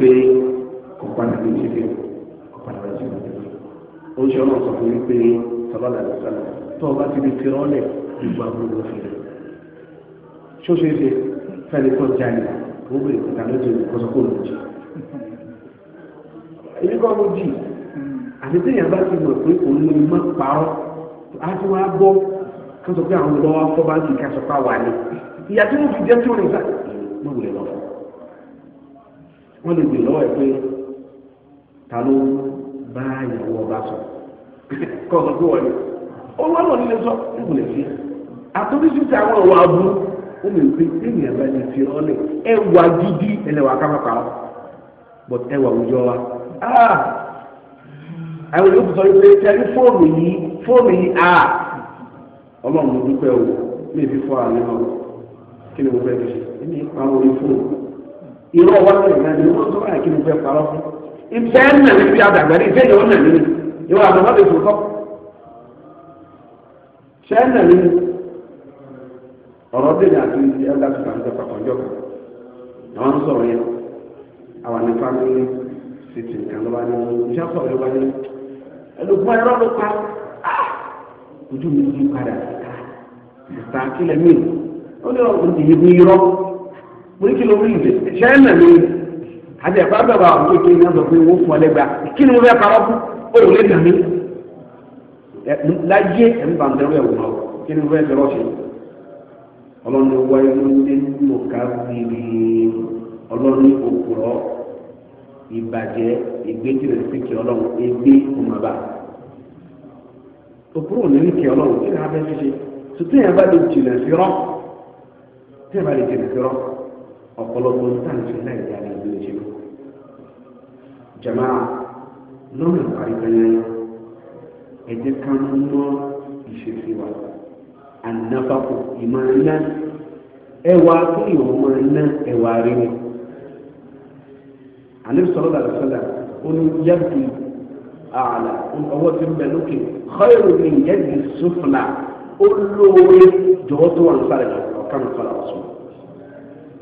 pé ọ̀padà lè ṣe fẹ́ ọ̀padà lè ṣe fẹ́ ó ṣe ọ̀nà sọ fún mi pé sábàlá lè sálà tó o bá ti di fẹ́ràn lẹ̀ gbogbo àbúrò fẹ́ ṣó ṣe ṣe fẹ́ni kan jáde wọ́n bèrè kọ́ta lójú ìkọ́sọ́kọ́ lójú èyí kọ́ ló jì àti téèyàn bá ti mọ̀ pé òun ni má parọ́ á ti wá gbọ́ kí sọ pé àwọn ọmọ wa fọ́ báńkì kí a sọ pé àwa ni ìyá tí wọ́n fi jẹ́ tí wọ́n wọ́n lè gbè lọ́wọ́ ẹ̀ pé ta ló bá ìyàwó ọba sọ kọ́ ọ̀sán pé ni ó wọ́n nílé sọ ń lè fi Ụmụ ti àwọn ọ̀wọ́ abú ó lè pe fi ọ́ lẹ̀ gidi but òjò wa ah! àwọn sọ pé a ah! ọlọ́run dúpẹ́ o fi fọ́ àlẹ́ náà kí ni mo irú ọwọ́ náà ni wọ́n tó báyìí kí mo fẹ́ parọ́ fún. ìfẹ́ nà ní fi àdàgbà ní ìfẹ́ yóò nà ní ní ìwọ àmọ́ má lè kọ́. nà ní ọ̀rọ̀ àti ẹ̀dá tó kàn jẹ́ kan. àwọn sọ̀rọ̀ yẹn àwọn ní nǹkan ló bá ní iṣẹ́ sọ̀rọ̀ bá ní. ẹ̀rọ ló pa ah! ojú mi yí padà ká ìta kílẹ̀ mí ó mo ní kí ló rí ìdè ṣẹ́nà mi àti ẹ̀fọ́ àgbàgbà àwọn kékeré náà sọ pé wọ́n fún ọ lẹ́gbàá kí ni mo fẹ́ parọ́ fún òun lè dàn mí láyé ẹ̀mí bá ń dẹrù ẹ̀wọ̀n náà kí ni mo fẹ́ dẹrọ ṣe ọlọ́ni wáyé ló ń dé nínú ká bìrì ọlọ́ni òkúrọ̀ ìbàjẹ́ ìgbéjìlè síkì ọlọ́run egbé ọmọba òkúrò nílì kì ọlọ́run kí ni a fẹ́ ṣe ṣe tuntun ọ̀pọ̀lọpọ̀ sáǹtì nàìjíríà ní ìlú ìṣèlú. jama lọ́nà àríkànyà ẹ̀jẹ̀ kan mọ́ ìṣèṣì wa ànáfàkù ìmọ̀ ńlá ẹwà tó ìwọ̀n mọ̀ ńlá ẹwà rí ni. àní sọ̀rọ̀ dàrú sọ̀dà ó ní yàgì àlà ọwọ́ tí ń bẹ lókè xọ́yọ̀rọ̀ ní yàgì sọ́fúnà ó lóore jọ̀wọ́ tó wà ń sáré lọ ọ̀kan sọ̀rọ̀ ọ̀sùn.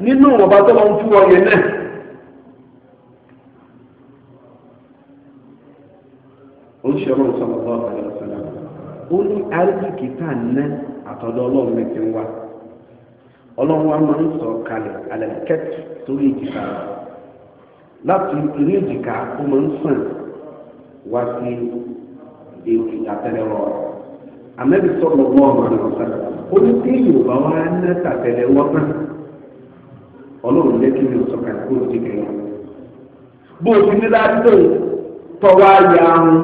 nínú ìwọ̀nba tó lọ ń fún ọ náà. ó ń ṣe ọlọ́run sọ̀rọ̀ lọ́wọ́ àlẹ́ ọ̀sán ó ní àríkì tá à ń ọlọ́run ní ti ń wá ọlọ́run wa máa ń sọ kalẹ̀ alẹ́ kẹ́tù sórí ìjìká láti ìrí ìjìká ó máa ń sàn wá sí èkì àtẹ́lẹwọ́ àmẹ́bí sọ̀rọ̀ lọ́wọ́ àlẹ́ ọ̀sán ó ní yorùbá wa ń ọlọ́run jẹ́ kí mi ò sọ̀kà kó o ti kẹ́ lọ. bó o ti ní ládùúgbò tọ́wọ́ ayé ahun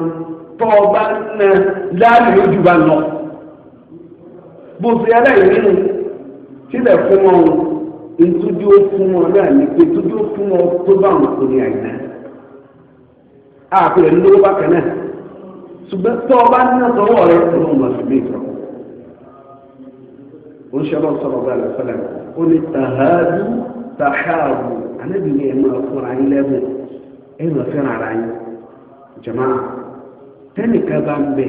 tọ́wọ́ bá nà láàyè lójú bá lọ. bó o ti aláìní nù sílẹ̀ fún wọn ntúdí ó fún wọn náà ní pé ntúdí ó fún wọn tó bá wọn kò ní àyìnà. àpèrè ńlọ́wọ́ bákan náà ṣùgbọ́n tọ́wọ́ bá ní ọ̀tọ̀wọ́ rẹ̀ ló ń lọ sí oníṣẹ́ ọlọ́run bá a lọ sọ́lá ó ní tàhádùú. tàhàbù ànábì ni ẹ máa fúnra yín lẹ́bùn ẹ máa ara yín jama tẹ́nìkan bá ń bẹ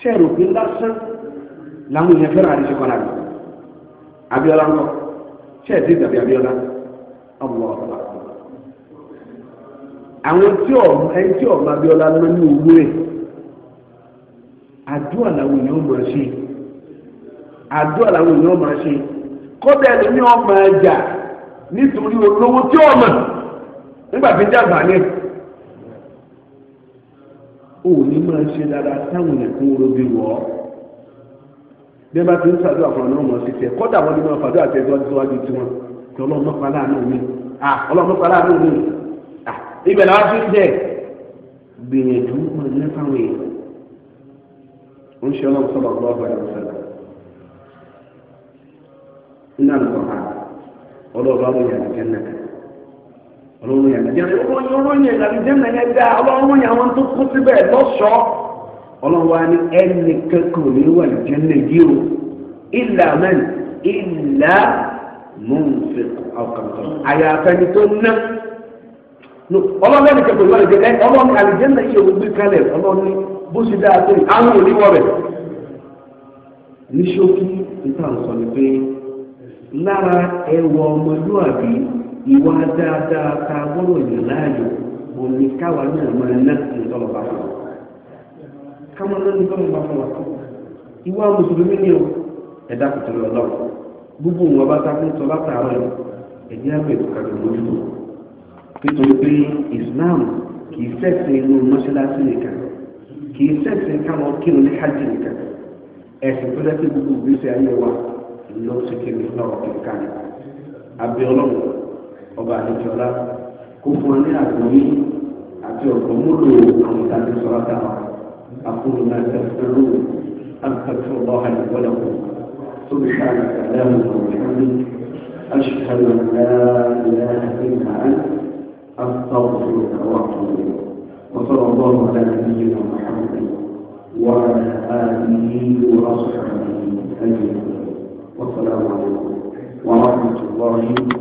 ṣe é rò pé lásán làwọn èèyàn fẹ́ràn àdìsí kan láti Abíọ́lá ń bọ̀ ṣe àwọn tí ẹni tí lọ ní owó àdúrà làwọn èèyàn máa ṣe àdúrà làwọn nítorí olówó tí ó mọ̀ nígbà tí jàǹbá ní ò ní máa ṣe dáadáa táwọn ẹ̀kún orobi wọ̀ ọ́ bí ẹ bá ti ń ṣàdúrà fún ọlọ́run ọ̀sẹ̀ tiẹ̀ kọ́dà wọn ni máa fàdúrà tẹ̀ síwájú síwájú tiwọn tí ọlọ́run mọ́pàá láàánú mi à ọlọ́run mọ́pàá láàánú mi à ibẹ̀ làwọn ti ń jẹ gbìyànjú máa ní fáwọn èèyàn ń ṣe ọlọ́run sọ̀rọ̀ ọgbọ́n ọgbà ìrọ̀sẹ̀lẹ̀ nínú àlùkò àná ọlọ́ọ̀bá ló yàn jẹ́ nà ọlọ́run yàn jẹ́ nà ọlọ́run yàn tàbí jẹ́ nà yẹn dá ọlọ́run yàn wọn tó kú síbẹ̀ lọ́sọ̀ọ́ ọlọ́run wa ni ẹnì kankan ní wà jẹ́ nà yìí o ìlà mẹ́rin ìlà mọ̀nsẹ̀ ọ̀kàntàn àyàfẹ́ni tó ná ọlọ́run ẹnì kankan ní wà jẹ́ nà ọlọ́run yìí o gbé kalẹ̀ ọlọ́run ni pé lára ẹwà ọmọlúwàbí ìwà dáadáa ta gbọ́dọ̀ yàn láàyò òní káwa náà máa ná ìtọ́lọ̀ bá fún wa káwọn náà ní ìtọ́lọ̀ bá fún wa ìwà mùsùlùmí ni o ẹ̀dá kò tẹ̀lé ọlọ́run gbogbo wọn bá ta fún sọlá tààrọ ẹ̀dí àgbẹ̀ ìbùkàdé lójú nítorí pé Islam kì í ṣẹ̀sìn inú mọ́ṣáláṣí nìkan kì í ṣẹ̀sìn káwọn kírun ní hajj nìkan ẹ̀sìn tó dẹ́ gbogbo ìgbésẹ̀ ayé wa ló ṣe kí ní lọ́wọ́ kíkà ní. abiola ọba àdìjọba kó fún ọ ní àgbóyé àti ọ̀gbọ́nmúlò àwọn ìdájọ́ sọ̀rọ̀ dáhà àkúrò náà tẹ̀síọ́rù àtàkùn ọba àdìjọba kù tóbi ká àgbàdo àwọn ọ̀gbìn أشهد أن لا إله إلا أنت أستغفرك وأتوب إليك وصلى الله على نبينا محمد وعلى آله وأصحابه أجمعين الرحيم